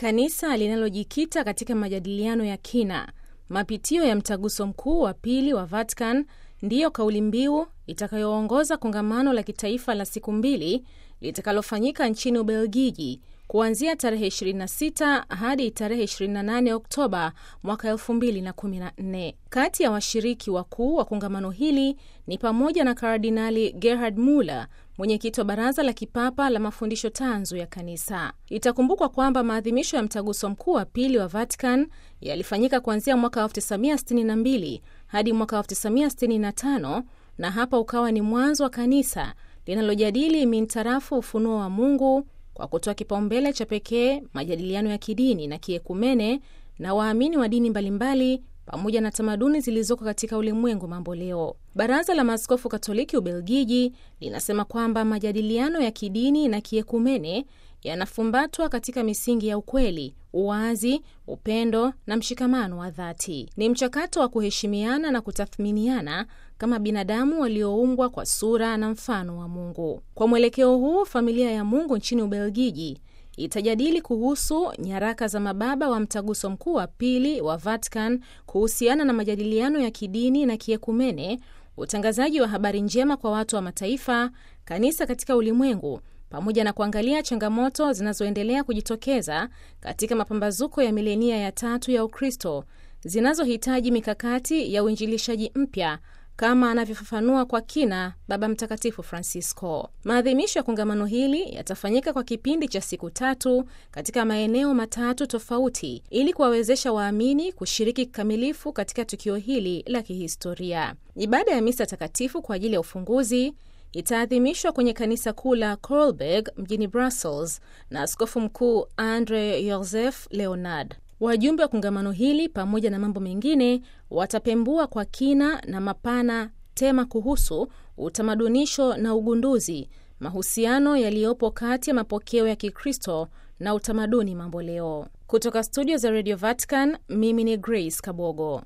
Kanisa linalojikita katika majadiliano ya kina, mapitio ya mtaguso mkuu wa pili wa Vatican ndiyo kauli mbiu itakayoongoza kongamano la kitaifa la siku mbili litakalofanyika nchini Ubelgiji kuanzia tarehe 26 hadi tarehe 28 Oktoba mwaka 2014. Kati ya washiriki wakuu wa kongamano hili ni pamoja na Kardinali Gerhard Muller, mwenyekiti wa Baraza la Kipapa la Mafundisho Tanzu ya Kanisa. Itakumbukwa kwamba maadhimisho ya mtaguso mkuu wa pili wa Vatican yalifanyika kuanzia mwaka 1962 hadi mwaka 1965 na hapa ukawa ni mwanzo wa kanisa linalojadili mintarafu ufunuo wa Mungu, kwa kutoa kipaumbele cha pekee majadiliano ya kidini na kiekumene na waamini wa dini mbalimbali pamoja na tamaduni zilizoko katika ulimwengu mambo leo. Baraza la Maaskofu Katoliki Ubelgiji linasema kwamba majadiliano ya kidini na kiekumene yanafumbatwa katika misingi ya ukweli, uwazi, upendo na mshikamano wa dhati. Ni mchakato wa kuheshimiana na kutathminiana kama binadamu walioumbwa kwa sura na mfano wa Mungu. Kwa mwelekeo huu, familia ya Mungu nchini Ubelgiji itajadili kuhusu nyaraka za mababa wa mtaguso mkuu wa pili wa Vatican kuhusiana na majadiliano ya kidini na kiekumene, utangazaji wa habari njema kwa watu wa mataifa, kanisa katika ulimwengu pamoja na kuangalia changamoto zinazoendelea kujitokeza katika mapambazuko ya milenia ya tatu ya Ukristo zinazohitaji mikakati ya uinjilishaji mpya kama anavyofafanua kwa kina Baba Mtakatifu Francisco. Maadhimisho ya kongamano hili yatafanyika kwa kipindi cha siku tatu katika maeneo matatu tofauti ili kuwawezesha waamini kushiriki kikamilifu katika tukio hili la kihistoria. Ibada ya misa takatifu kwa ajili ya ufunguzi itaadhimishwa kwenye kanisa kuu la Kolberg mjini Brussels na askofu mkuu Andre Joseph Leonard. Wajumbe wa kongamano hili pamoja na mambo mengine watapembua kwa kina na mapana tema kuhusu utamadunisho na ugunduzi, mahusiano yaliyopo kati ya mapokeo ya Kikristo na utamaduni mambo leo. Kutoka studio za Radio Vatican, mimi ni Grace Kabogo.